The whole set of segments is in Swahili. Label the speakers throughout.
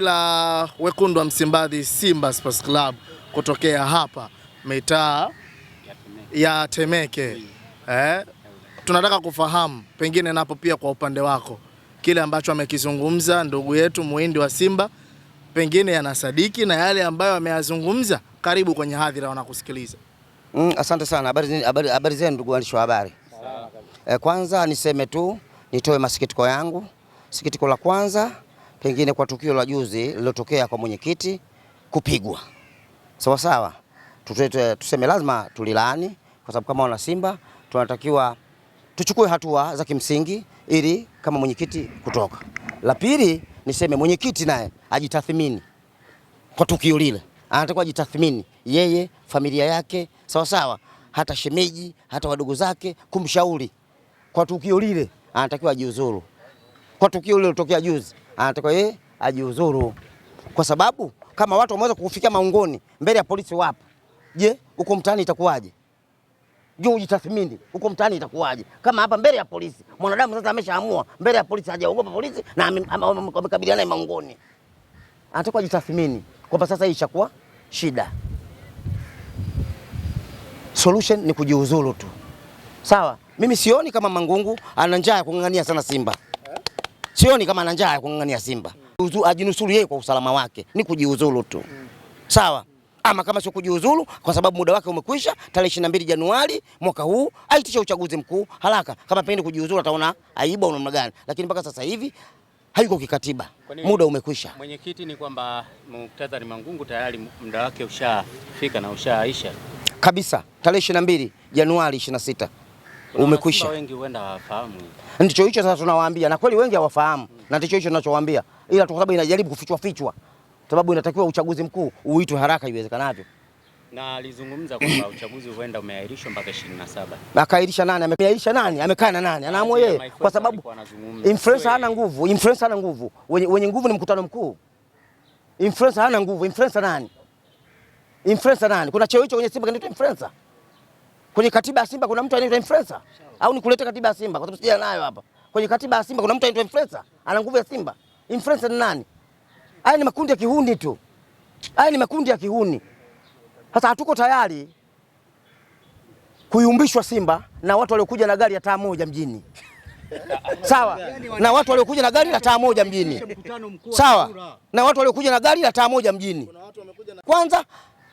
Speaker 1: la wekundu wa Msimbazi Simba Sports Club kutokea hapa mitaa ya Temeke eh, tunataka kufahamu pengine napo pia kwa upande wako kile ambacho amekizungumza ndugu yetu muindi wa Simba pengine yanasadiki na yale ambayo ameyazungumza. Karibu kwenye hadhira, wanakusikiliza.
Speaker 2: Mm, asante sana. Habari zenu ndugu waandishi wa habari. Eh, kwanza niseme tu nitoe masikitiko yangu. Sikitiko la kwanza pengine kwa tukio la juzi lililotokea kwa mwenyekiti kupigwa sawa sawa, tuseme lazima tulilaani, kwa sababu kama wana Simba tunatakiwa tuchukue hatua za kimsingi ili kama mwenyekiti kutoka. La pili niseme mwenyekiti naye ajitathmini kwa tukio lile, anatakiwa ajitathmini yeye, familia yake, sawa sawa, hata shemeji, hata wadogo zake, kumshauri kwa tukio lile, anatakiwa ajiuzuru kwa tukio lile lilotokea juzi anatakiwa yeye ajiuzuru, kwa sababu kama watu wameweza kufikia maungoni mbele ya polisi wapo, je, uko mtaani itakuwaje? Juu ujitathmini, uko mtaani itakuwaje? Kama hapa mbele ya polisi mwanadamu sasa ameshaamua mbele ya polisi, hajaogopa polisi na amekabiliana naye maungoni, anatakiwa ajitathmini kwamba sasa hii ishakuwa shida. Solution ni kujiuzuru tu. Sawa, mimi sioni kama Mangungu ana njaa ya kung'ang'ania sana Simba sioni kama ana njaa ya kung'ang'ania Simba. Ajinusuru yeye kwa usalama wake, ni kujiuzulu tu, sawa ama kama sio kujiuzulu, kwa sababu muda wake umekwisha tarehe 22 Januari mwaka huu, aitisha uchaguzi mkuu haraka. Kama pengine kujiuzulu, ataona aibu au namna gani, lakini mpaka sasa hivi hayuko kikatiba, muda umekwisha.
Speaker 3: Mwenyekiti ni kwamba ni Mangungu tayari muda wake ushafika na ushaisha
Speaker 2: kabisa, tarehe 22 Januari 26 umekwisha.
Speaker 3: Wengi huenda hawafahamu,
Speaker 2: ndicho hicho sasa tunawaambia, na kweli wengi hawafahamu hmm. na ndicho hicho tunachowaambia, ila kwa sababu inajaribu kufichwa fichwa, sababu inatakiwa uchaguzi mkuu uitwe haraka iwezekanavyo
Speaker 3: na alizungumza kwamba uchaguzi huenda umeahirishwa mpaka 27.
Speaker 2: Akaahirisha nani? Ameahirisha nani? Amekaa na nani? Anaamua yeye, kwa sababu influencer hana nguvu. Influencer hana nguvu, wenye, wenye nguvu ni mkutano mkuu. Influencer hana nguvu. Influencer nani? Influencer nani? Kuna cheo hicho kwenye Simba kinaitwa influencer? Kwenye katiba ya Simba kuna mtu anaitwa influencer? Au nikulete katiba ya Simba kwa sababu sija nayo hapa. Kwenye katiba ya Simba kuna mtu anaitwa influencer? Ana nguvu ya Simba. Influencer ni nani? Haya ni makundi ya kihuni tu. Haya ni makundi ya kihuni. Sasa hatuko tayari kuyumbishwa Simba na watu waliokuja na gari ya taa moja mjini. Sawa. Na watu waliokuja na gari la taa moja mjini. Sawa. Na watu waliokuja na gari la taa moja mjini. Kwanza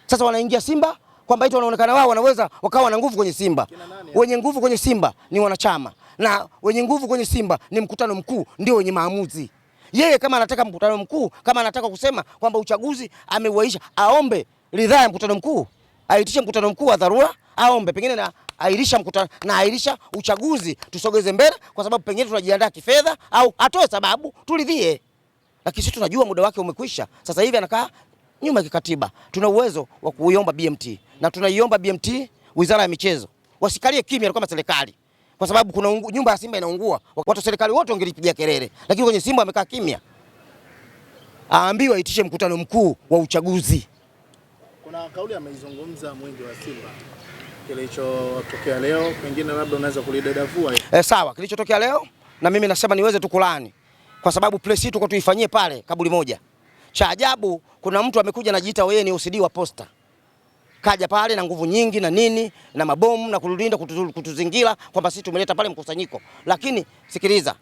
Speaker 2: sasa wanaingia Simba kwamba eti wanaonekana wao wanaweza wakawa na nguvu kwenye Simba. Wenye nguvu kwenye Simba ni wanachama, na wenye nguvu kwenye Simba ni mkutano mkuu, ndio wenye maamuzi. Yeye kama anataka mkutano mkuu, kama anataka kusema kwamba uchaguzi ameuaisha, aombe ridhaa ya mkutano mkuu, aitishe mkutano mkuu wa dharura, aombe pengine na airisha mkutano na airisha uchaguzi tusogeze mbele, kwa sababu pengine tunajiandaa kifedha, au atoe sababu tulidhie. Lakini sisi tunajua muda wake umekwisha. Sasa hivi anakaa nyuma ya kikatiba. Tuna uwezo wa kuiomba BMT na tunaiomba BMT, wizara ya michezo wasikalie kimya kama serikali, kwa sababu kuna ungu, nyumba ya Simba inaungua, watu serikali wote wangelipigia kelele, lakini kwenye Simba wamekaa kimya. Aambiwe aitishe mkutano mkuu wa uchaguzi.
Speaker 3: Kuna kauli ameizungumza mwingi wa Simba kilichotokea leo, pengine labda unaweza kulidadavua.
Speaker 2: Eh, sawa, kilichotokea leo na mimi nasema niweze tu kulani, kwa sababu press hii tuko tuifanyie pale kaburi moja cha ajabu kuna mtu amekuja anajiita wewe ni OCD wa posta, kaja pale na nguvu nyingi na nini na mabomu na kulinda kutuzingira kwamba sisi tumeleta pale mkusanyiko, lakini sikiliza,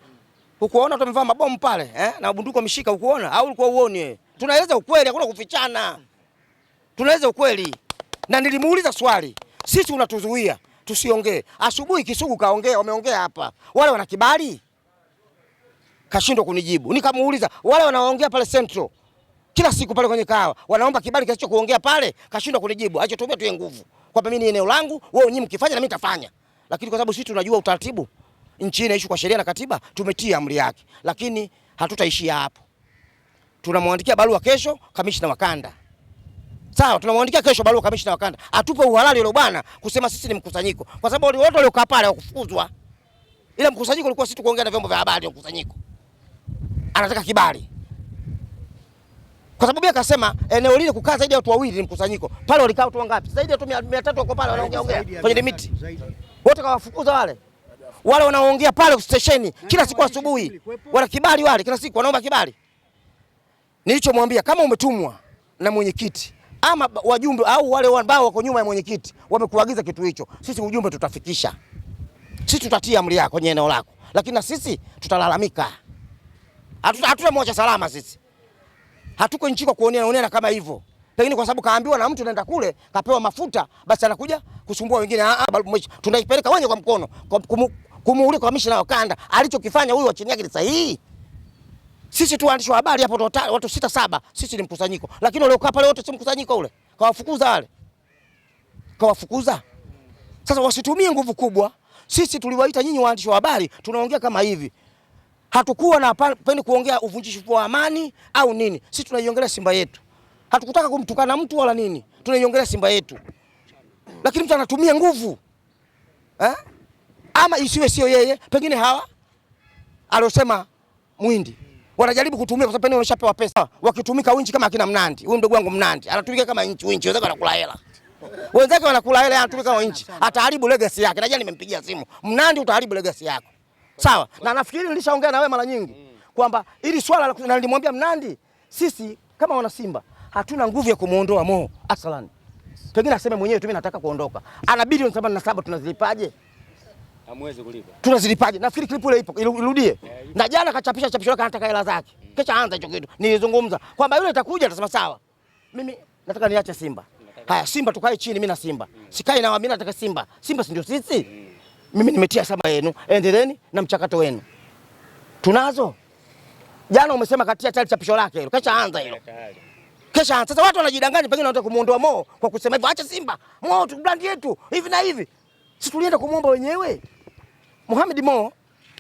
Speaker 2: hukuona tumevaa mabomu pale eh? na bunduki mshika, hukuona au ulikuwa uone Tunaeleza ukweli, hakuna kufichana, tunaeleza ukweli. Na nilimuuliza swali, sisi unatuzuia tusiongee? Asubuhi Kisugu kaongea, wameongea hapa, wale wana kibali, kashindwa kunijibu. Nikamuuliza wale wanaongea pale Central kila siku pale kwenye kawa wanaomba kibali kiasi cha kuongea pale, kashindwa kunijibu, achotumia tu nguvu kwamba mimi ni eneo langu, wewe nyinyi mkifanya na mimi nitafanya. Lakini kwa sababu sisi tunajua utaratibu, nchi inaishi kwa sheria na katiba, tumetia amri yake. Lakini hatutaishia hapo, tunamwandikia barua kesho kamishna wa kanda. Sawa, tunamwandikia kesho barua kamishna wa kanda atupe uhalali ule bwana kusema sisi ni mkusanyiko, kwa sababu wale wote waliokaa pale wakufukuzwa, ila mkusanyiko ulikuwa sisi tu kuongea na vyombo vya habari. Mkusanyiko anataka kibali kwa sababu akasema eneo lile kukaa zaidi ya watu wawili, mkusanyiko pale walikaa watu wangapi? Zaidi ya watu 300 wako pale wanaongea ongea kwenye miti, wote kawafukuza wale wale wanaongea pale stesheni yaani kila siku asubuhi, Wana kibali wale kila siku wanaomba kibali. Nilichomwambia, kama umetumwa na mwenyekiti ama wajumbe au wale ambao wako nyuma ya mwenyekiti wamekuagiza kitu hicho, sisi ujumbe tutafikisha, sisi tutatia amri yako kwenye eneo lako, lakini na sisi tutalalamika, hatutamwacha salama sisi hatuko nchi kwa kuonea naonea kama hivyo, pengine kwa sababu kaambiwa na mtu anaenda kule kapewa mafuta, basi anakuja kusumbua wengine. Ah, ah, tunaipeleka wenye kwa mkono kwa mishi na wakanda, alichokifanya huyu wa yake ni sahihi. Sisi tu waandishi wa habari hapo watu sita saba, sisi ni mkusanyiko, lakini waliokaa pale wote si mkusanyiko ule. Kawafukuza wale, kawafukuza. Sasa wasitumie nguvu kubwa. Sisi tuliwaita nyinyi waandishi wa habari, tunaongea kama hivi hatukuwa na pendi kuongea uvunjishi wa amani au nini. Sisi tunaiongelea Simba yetu, hatukutaka kumtukana mtu wala nini, tunaiongelea Simba yetu. Lakini mtu anatumia nguvu eh? Ama isiwe sio yeye, pengine hawa aliosema Mwindi wanajaribu kutumia kwa sababu pengine wameshapewa pesa, wakitumika winchi kama akina Mnandi. Huyu ndugu wangu Mnandi anatumika kama inchi, winchi wenzake wanakula hela wenzake wanakula hela, anatumika kama inchi, ataharibu legacy yake. Najua nimempigia simu Mnandi, utaharibu legacy yako sawa na nafikiri nilishaongea na wewe mara nyingi kwamba ili swala na nilimwambia Mnandi, sisi kama wana Simba hatuna nguvu ya kumuondoa Mo Asalani, pengine aseme mwenyewe tu mimi nataka kuondoka, ana bilioni 77 tunazilipaje?
Speaker 3: Hamwezi kulipa,
Speaker 2: tunazilipaje? Nafikiri klipu ile ipo, irudie. Eh, na jana kachapisha chapisho lake, anataka hela zake, Kesha anza hicho kitu. Nilizungumza kwamba yule atakuja atasema sawa, mimi nataka niache Simba. Haya, Simba tukae chini, mimi na Simba mm. sikai na wamina, nataka Simba. Simba si ndio sisi? Mm mimi nimetia saba yenu, endeleni na mchakato wenu. Tunazo jana, umesema katia tayari chapisho lake hilo, kesha anza hilo, kesha anza. Sasa watu wanajidanganya, pengine wanataka kumuondoa Mo kwa kusema hivyo, acha Simba Mo tu brand yetu hivi na hivi. Si tulienda kumuomba wenyewe Mohamed Mo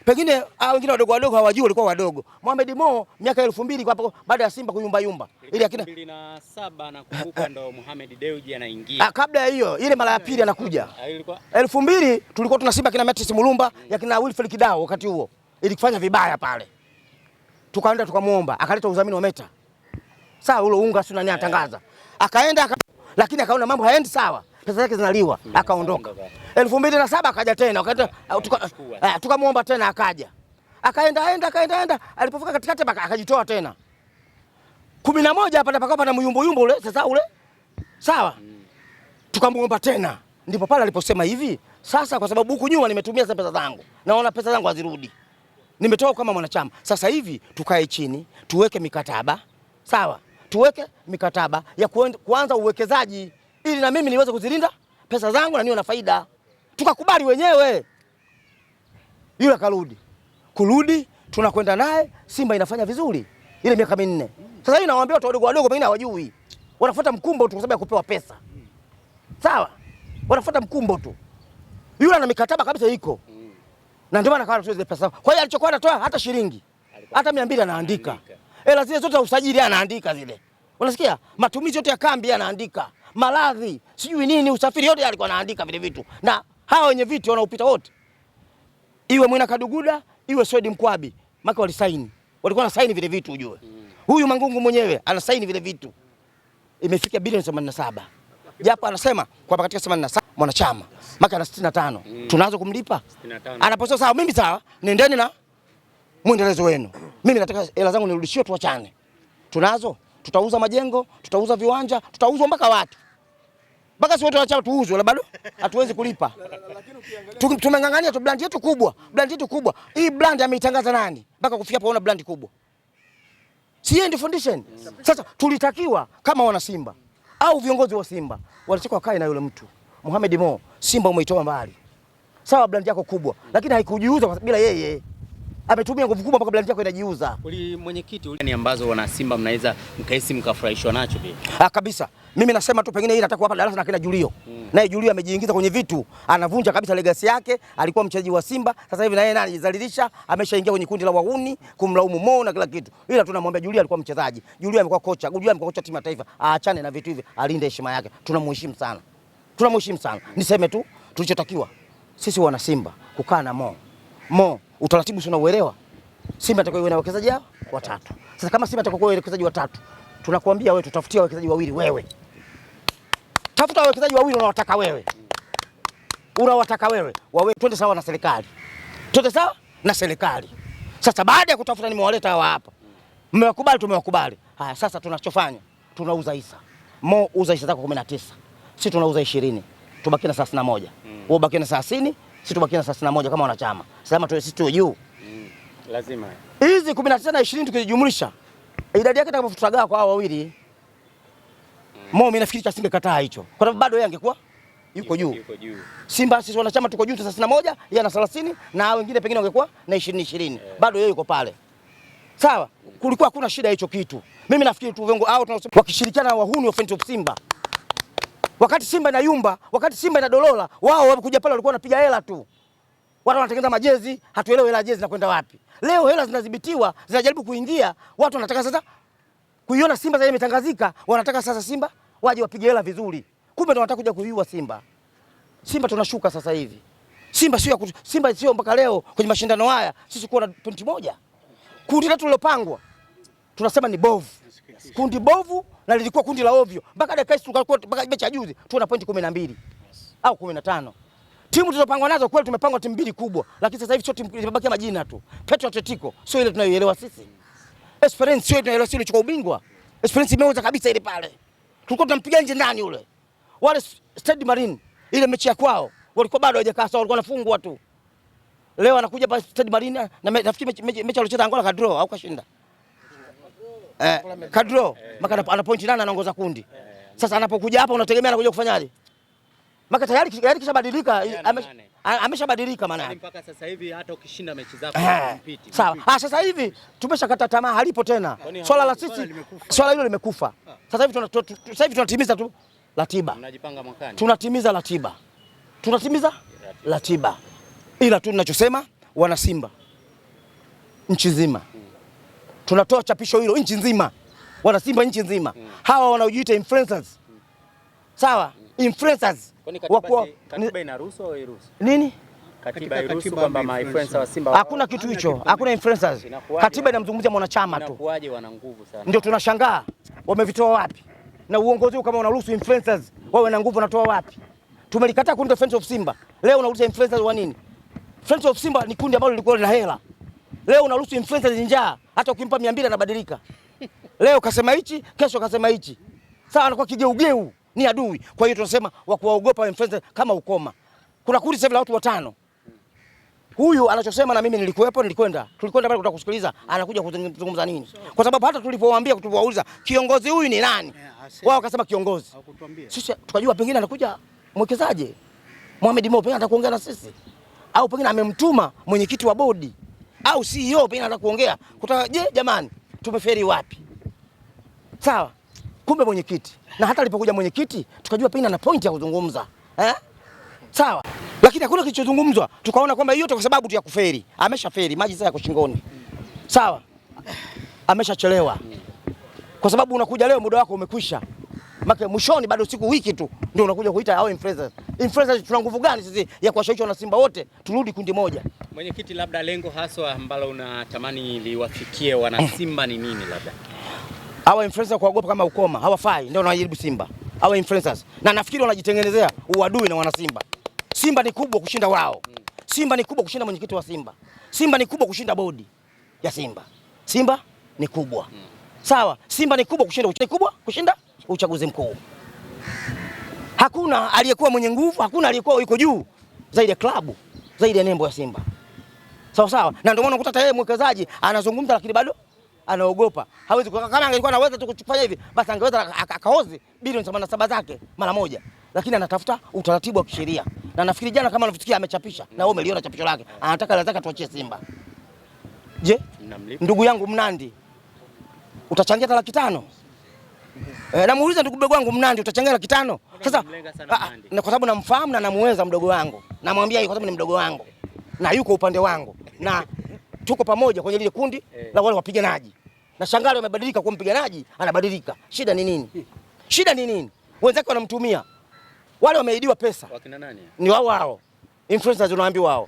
Speaker 2: Pengine hao wengine wadogo wadogo hawajui walikuwa wadogo. Mohamed Mo miaka elfu mbili hapo baada ya Simba kuyumba yumba.
Speaker 3: ili akina 2007 nakumbuka ndo Mohamed Deuji anaingia.
Speaker 2: Ah, kabla ya hiyo ile mara ya pili anakuja. Ah, ilikuwa 2000 tulikuwa tuna Simba kina Mattis Mulumba mm. ya kina Wilfred Kidao wakati huo. Ilikufanya vibaya pale. Tukaenda tukamuomba, akaleta udhamini wa Meta. Sawa ule unga sio nani atangaza. Eh. Akaenda aka... lakini akaona mambo haendi sawa pesa zake zinaliwa, akaondoka. elfu mbili na saba akaja tena, eh, eh, tukamwomba tena akaja, akaenda enda akaenda enda, alipofika katikati akajitoa tena kumi na moja hapa napaka hapa na myumboyumbo ule sasa ule sawa, mm. tukamwomba tena, ndipo pale aliposema hivi sasa, kwa sababu huku nyuma nimetumia pesa zangu, naona pesa zangu hazirudi, nimetoa kama mwanachama. Sasa hivi tukae chini, tuweke mikataba sawa, tuweke mikataba ya kuanza uwekezaji ili na mimi niweze kuzilinda pesa zangu na niwe na faida. Tukakubali wenyewe. Yule karudi. kurudi tunakwenda naye, Simba inafanya vizuri ile miaka minne sasa hivi Nawaambia watu wadogo wadogo wengine hawajui, wanafuata mkumbo tu kwa sababu ya kupewa pesa. Sawa, wanafuata mkumbo tu. Yule ana mikataba kabisa iko na ndio maana kawa anatoa zile pesa. Kwa hiyo alichokuwa anatoa hata shilingi hata 200 anaandika. Hela eh, zile zote za usajili anaandika zile. Unasikia? Matumizi yote ya kambi anaandika maradhi, sijui nini, usafiri, yote alikuwa anaandika vile vitu, na hawa wenye viti wanaopita wote, iwe Mwina Kaduguda, iwe Swedi Mkwabi, maka walisaini, walikuwa na saini vile vitu, ujue hmm. huyu Mangungu mwenyewe anasaini vile vitu, imefikia bilioni 87 japo anasema kwamba katika 87 mwanachama maka na 65 mm. tunaanza kumlipa 65 anaposema sawa, mimi sawa, nendeni na mwendelezo wenu, mimi nataka hela zangu nirudishie, tuachane. Tunazo, tutauza majengo, tutauza viwanja, tutauza mpaka watu mpaka si watu wanachama tuuzwe, bado hatuwezi kulipa. Tumeng'ang'ania tu brand yetu kubwa, brand yetu kubwa. Hii brand ameitangaza nani mpaka kufikia paona blandi brand kubwa, si yeye foundation? Sasa tulitakiwa kama wana Simba au viongozi wa Simba walitakiwa wakae na yule mtu Mohamed Mo, Simba umeitoa mbali, sawa brand yako kubwa, lakini haikujiuza bila yeye ametumia nguvu kubwa mpaka brandi yako inajiuza.
Speaker 3: Uli mwenyekiti uli... ambazo wana Simba mnaweza mkaisi mkafurahishwa nacho pia.
Speaker 2: Ah, kabisa. Mimi nasema tu pengine hili atakuwa hapa darasa na kina Julio. Mm. Naye Julio amejiingiza kwenye vitu, anavunja kabisa legacy yake, alikuwa mchezaji wa Simba, sasa hivi na yeye naye anajidhalilisha, ameshaingia kwenye kundi la wahuni, kumlaumu Mo na kila kitu. Ila tunamwambia Julio alikuwa mchezaji. Julio amekuwa kocha, Julio amekuwa kocha timu ya taifa. Aachane na vitu hivi, alinde heshima yake. Tunamheshimu sana. Tunamheshimu sana. Niseme tu tulichotakiwa sisi wana Simba kukaa na Mo Mo, utaratibu si unauelewa? Simba atakuwa iwe na wachezaji hao watatu. Sasa kama Simba atakuwa na wachezaji watatu, tunakuambia wewe tutafutia wachezaji wawili wewe. Tafuta wachezaji wawili unawataka wewe. Unawataka wewe. Wawe twende sawa na serikali. Twende sawa na serikali. Sasa baada ya kutafuta nimewaleta hawa hapa. Mmewakubali, tumewakubali. Haya, sasa tunachofanya tunauza hisa. Mo, uza hisa zako 19. Sisi tunauza 20. Tubaki na 31. Hmm. Wewe ubaki na 30 sisi tubakie na thelathini na moja kama wanachama. Sasa tuwe sisi tuwe juu. Mm. Lazima. Hizi 19 na ishirini tukijumlisha idadi yake itakapofutagaa kwa hao wawili. Mm. Mo mimi nafikiri cha kataa hicho. Kwa sababu bado yeye angekuwa yuko juu. Simba sisi wanachama tuko juu thelathini na moja, yeye ana 30 na wengine pengine wangekuwa na ishirini 20. Eh. Bado yeye yuko pale. Sawa? Kulikuwa hakuna shida hicho kitu. Mimi nafikiri tu viongo hao tunasema wakishirikiana na wahuni offensive Simba Wakati Simba na yumba, wakati Simba na dolola, wao wamekuja pale walikuwa wanapiga hela tu. Watu wanatengeneza majezi, hatuelewi hela jezi zinakwenda wapi. Leo hela zinadhibitiwa, zinajaribu kuingia, watu wanataka sasa kuiona Simba zaidi imetangazika, wanataka sasa Simba waje wapige hela vizuri. Kumbe ndo wanataka kuja kuiua Simba. Simba tunashuka sasa hivi. Simba sio Simba sio mpaka leo kwenye mashindano haya sisi kuwa na pointi moja. Kundi letu lilopangwa tunasema ni bovu kundi bovu na lilikuwa kundi la ovyo mpaka dakika hizi, mpaka mechi ya juzi tu na pointi 12 yes. au 15. Timu tulizopangwa nazo kweli tumepangwa timu mbili kubwa, lakini sasa hivi sio timu, zimebakia majina tu. Petro Atletico sio ile tunayoelewa sisi. Esperance sio ile tunayoielewa sisi, ilichukua ubingwa. Esperance imeuza kabisa ile pale. Tulikuwa tunampiga nje ndani yule. Wale Stade Marine ile mechi ya kwao walikuwa bado hawajakaa sawa, walikuwa wanafungwa tu. Leo anakuja pa Stade Marine na nafikiri mechi mechi waliocheza Angola ka draw au kashinda eh, kadro maka ana point nane anaongoza kundi. Sasa anapokuja hapa unategemea anakuja kufanyaje? Maka tayari tayari kishabadilika, ameshabadilika maana yake.
Speaker 3: Yaani mpaka sasa hivi hata ukishinda mechi zako
Speaker 2: mpiti. Eh, sawa. Ah, sasa hivi tumeshakata tamaa, halipo tena. Swala la sisi, swala hilo limekufa. Ah. Sasa hivi tuna sasa hivi tunatimiza tu ratiba. Tunajipanga mwakani. Tunatimiza ratiba. Tunatimiza ratiba. Ila tu ninachosema wana Simba nchi nzima tunatoa chapisho hilo nchi nzima, wana Simba nchi nzima mm. hawa wanaojiita influencers mm. sawa mm. influencers
Speaker 3: wakuwa katiba inaruhusu au iruhusu nini? Katiba iruhusu kwamba ma influencer wa Simba
Speaker 2: hakuna kitu hicho, hakuna influencers. Katiba inamzungumzia mwanachama tu, inakuaje wana nguvu sana? Ndio tunashangaa wamevitoa wapi? Na uongozi kama unaruhusu influencers wawe na nguvu, natoa wapi? Tumelikataa kundi la Friends of Simba, leo unaruhusu influencers wa nini? Friends of Simba ni kundi ambalo lilikuwa lina hela Leo unaruhusu influencer njaa, hata ukimpa 200 anabadilika. Leo kasema hichi, kesho kasema hichi. Sawa, anakuwa kigeugeu, ni adui. Kwa hiyo tunasema wa kuwaogopa influencer kama ukoma. Kuna kundi sasa la watu watano. Huyu anachosema na mimi nilikuwepo, nilikwenda. Tulikwenda pale kutakusikiliza, anakuja kuzungumza nini? Kwa sababu hata tulipowaambia tuliwauliza kiongozi huyu ni nani? Eh, Wao wakasema kiongozi. Hawakutuambia. Sisi tukajua pengine anakuja mwekezaji. Mohamed Mo pengine atakuongea na sisi. Au pengine amemtuma mwenyekiti wa bodi au CEO pia anataka kuongea kutaka, je, jamani tumeferi wapi? Sawa, kumbe mwenyekiti, na hata alipokuja mwenyekiti tukajua pia ana point ya kuzungumza eh? Sawa, lakini hakuna kilichozungumzwa, tukaona kwamba hiyo kwa sababu tu ya kuferi. Ameshaferi, maji sasa yako shingoni. Sawa, ameshachelewa kwa sababu unakuja leo, muda wako umekwisha, Maka mwishoni bado siku wiki tu ndio unakuja kuita au influencers. Influencers tuna nguvu gani sisi ya kuwashawishi wana Simba wote turudi kundi moja?
Speaker 3: Mwenyekiti, labda lengo haswa ambalo unatamani liwafikie wana eh. Simba ni nini? Labda
Speaker 2: hawa influencers kuogopa kama ukoma, hawafai, ndio wanajaribu Simba hawa influencers, na nafikiri wanajitengenezea uadui na wanasimba. Simba ni kubwa kushinda wao, Simba ni kubwa kushinda mwenyekiti wa Simba, Simba ni kubwa kushinda bodi ya Simba, Simba ni kubwa hmm. Sawa, Simba ni kubwa kushinda uchaguzi kubwa kushinda uchaguzi mkuu. Hakuna aliyekuwa mwenye nguvu, hakuna aliyekuwa yuko juu zaidi ya klabu, zaidi ya nembo ya Simba sawa sawa, na ndio maana unakuta hata yeye mwekezaji anazungumza, lakini bado anaogopa, hawezi. Kama angekuwa anaweza tu kufanya hivi, basi angeweza akahozi bilioni 87 zake mara moja, lakini anatafuta utaratibu wa kisheria, na nafikiri jana, kama unafikia, amechapisha na wewe umeliona chapisho lake, anataka lazaka tuachie Simba. Je, ndugu yangu Mnandi utachangia laki tano? E, namuuliza ndugu mdogo wangu Mnandi utachangia laki tano? Sasa ah, kwa sababu namfahamu na namuweza mdogo wangu, namwambia hiyo kwa sababu ni mdogo wangu na yuko upande wangu na tuko pamoja kwenye lile kundi eh. la wale wapiganaji, na shangali wamebadilika kuwa mpiganaji anabadilika. Shida ni nini? Shida ni nini? Wenzake wanamtumia, wale wameahidiwa pesa. Wakina nani? Ni wao wao influencers, unaambiwa wao.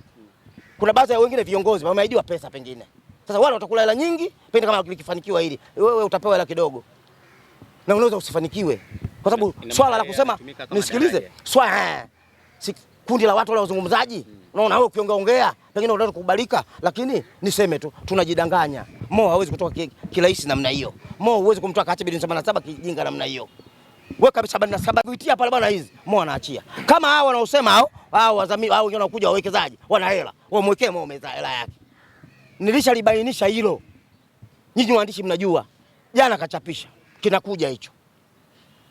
Speaker 2: Kuna baadhi ya wengine viongozi wameahidiwa pesa, pengine sasa wale watakula hela nyingi, pengine kama likifanikiwa hili, wewe utapewa hela kidogo na unaweza usifanikiwe, kwa sababu swala la kusema nisikilize swala eh, kundi la watu wale wazungumzaji, unaona wewe ongea pengine unaweza kukubalika, lakini niseme tu tunajidanganya. Mo hawezi kutoka kirahisi namna hiyo. Mo huwezi kumtoa kati bilioni 77 kijinga namna hiyo. Wewe kabisa bana sababu itia pale bwana, hizi. Mo anaachia. Kama hao wanaosema hao, hao wazamii hao wengine wanakuja wawekezaji, wana hela. Wao mwekee Mo meza hela yake. Nilishalibainisha hilo. Nyinyi waandishi mnajua. Jana kachapisha. Kinakuja hicho.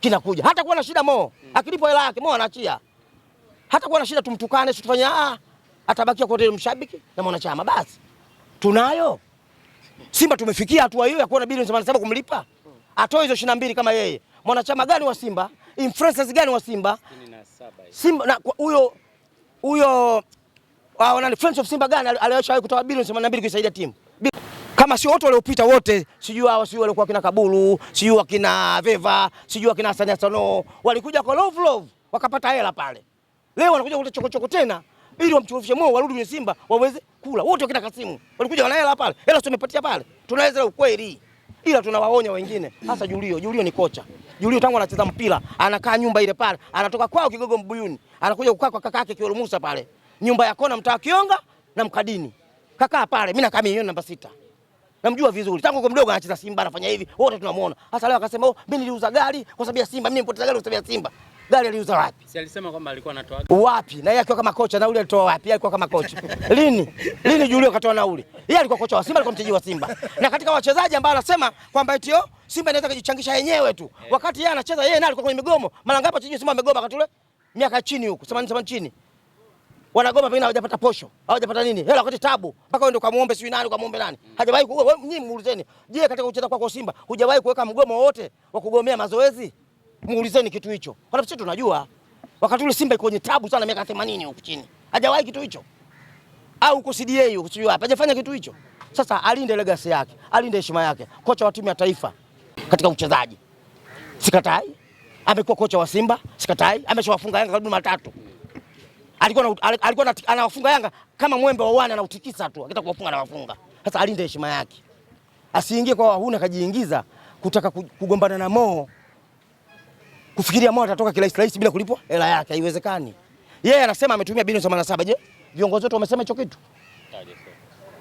Speaker 2: Kinakuja. Hata kuwa na shida Mo. Akilipo hela yake Mo anaachia hata kuwa na shida tumtukane, tufanye ah, atabakia kwa mshabiki na mwanachama. Basi tunayo Simba, tumefikia hatua hiyo ya kuona bilioni 87 kumlipa, atoe hizo 22 kama yeye. Mwanachama gani wa Simba, influencers gani wa Simba, Simba na huyo huyo wana ah, friends of Simba gani aliyeshawahi kutoa bilioni 82 kuisaidia timu kama sio wote waliopita wote, sijui hawa, sijui walikuwa kina Kabulu, sijui wakina Veva, sijui wakina Sanyasano, walikuja kwa love love wakapata hela pale. Leo wanakuja kuleta chokochoko tena ili wamchorofishe moyo warudi kwenye Simba waweze kula. Wote wakina Kasimu walikuja wana hela pale. Hela tumepatia pale. Tunaweza ukweli. Ila tunawaonya wengine. Hasa Julio, Julio ni kocha. Julio tangu anacheza mpira, anakaa nyumba ile pale, anatoka kwao Kigogo Mbuyuni, anakuja kukaa kwa kaka yake Kiwelu Musa pale. Nyumba ya kona mtaa Kionga na Mkadini. Kakaa pale, mimi nakaa mimi namba sita. Namjua vizuri. Tangu kwa mdogo anacheza Simba anafanya hivi. Wote tunamuona. Hasa leo akasema, "Oh, mimi niliuza gari kwa sababu ya Simba, mimi nilipoteza gari kwa sababu ya Simba." gari aliuza wapi?
Speaker 3: Si alisema kwamba alikuwa anatoa
Speaker 2: wapi? Na yeye akiwa kama kocha nauli alitoa wapi? Yeye alikuwa kama kocha lini lini Julio katoa nauli? Yeye alikuwa kocha wa Simba, alikuwa mchezaji wa Simba, na katika wachezaji ambao anasema kwamba eti oh, Simba inaweza kujichangisha yenyewe tu, yeah. wakati yeye anacheza yeye naye alikuwa kwenye migomo. Mara ngapi wachezaji Simba wamegoma wakati ule, miaka chini huko 80 80 chini wanagoma pengine hawajapata posho, hawajapata nini hela, wakati tabu mpaka wewe ndio kamuombe sijui nani ukamuombe nani, mm. hajawahi kuwa. nyinyi. Muulizeni, je, katika kucheza kwako Simba hujawahi kuweka mgomo wote wa kugomea mazoezi? muulizeni kitu hicho. Kwa sababu sisi tunajua wakati ule Simba iko kwenye tabu sana miaka 80 huko chini. Hajawahi kitu hicho. Au uko CDA huko sio hapa. Hajafanya kitu hicho. Sasa alinde legacy yake, alinde heshima yake. Kocha wa timu ya taifa katika uchezaji. Sikatai. Amekuwa kocha wa Simba, sikatai. Ameshawafunga Yanga karibu matatu. Alikuwa na, alikuwa anawafunga Yanga kama mwembe wa uani anautikisa tu, akitaka kuwafunga na wafunga. Sasa alinde heshima yake. Asiingie kwa wahuna kajiingiza kutaka kugombana na Mo kufikiria mwana atatoka kirahisi rahisi bila kulipwa hela yake, haiwezekani. Yeye anasema ametumia bilioni 87. Je, viongozi wetu wamesema hicho kitu?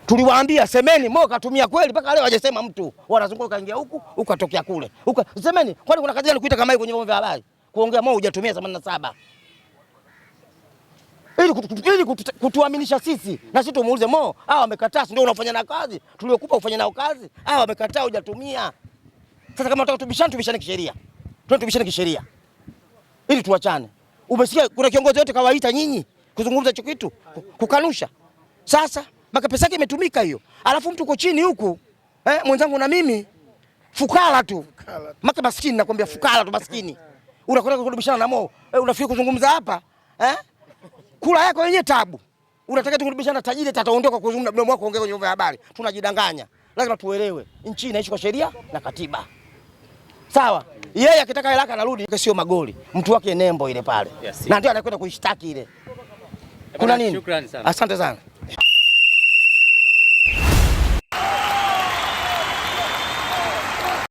Speaker 2: Tuliwaambia semeni, Mo katumia kweli, mpaka leo hajasema mtu. Wanazunguka kaingia huku, huku atokea kule. Huku semeni, kwani kuna kazi gani kuita kama hiyo kwenye vyombo vya habari? Kuongea Mo hujatumia 87. Ili kutu, kutu, kutu, kutuaminisha sisi na sisi tumuulize Mo, hao wamekataa, ndio unafanya na kazi. Tuliokupa ufanye nao kazi. Hao wamekataa hujatumia. Sasa kama unataka tubishane, tubishane kisheria tunatumishana kisheria ili tuachane. Umesikia, kuna kiongozi yote kawaita nyinyi kuzungumza hicho kitu kukanusha. Sasa maka pesa yake imetumika hiyo, alafu mtu uko chini huku eh, mwenzangu na mimi fukala tu maka maskini, nakwambia fukala tu maskini, unakwenda kurudishana na Mo eh, unafikiri kuzungumza hapa eh, kula yako yenye tabu. Unataka tukurudishana tajiri tataondoka kuzungumza mdomo wako, ongea kwenye vyombo vya habari. Tunajidanganya, lazima tuelewe nchi inaishi kwa sheria na katiba sawa yeye akitaka haraka anarudi, sio magoli mtu wake nembo ile pale yes, na ndio anakwenda kuishtaki ile. Kuna nini? Asante sana.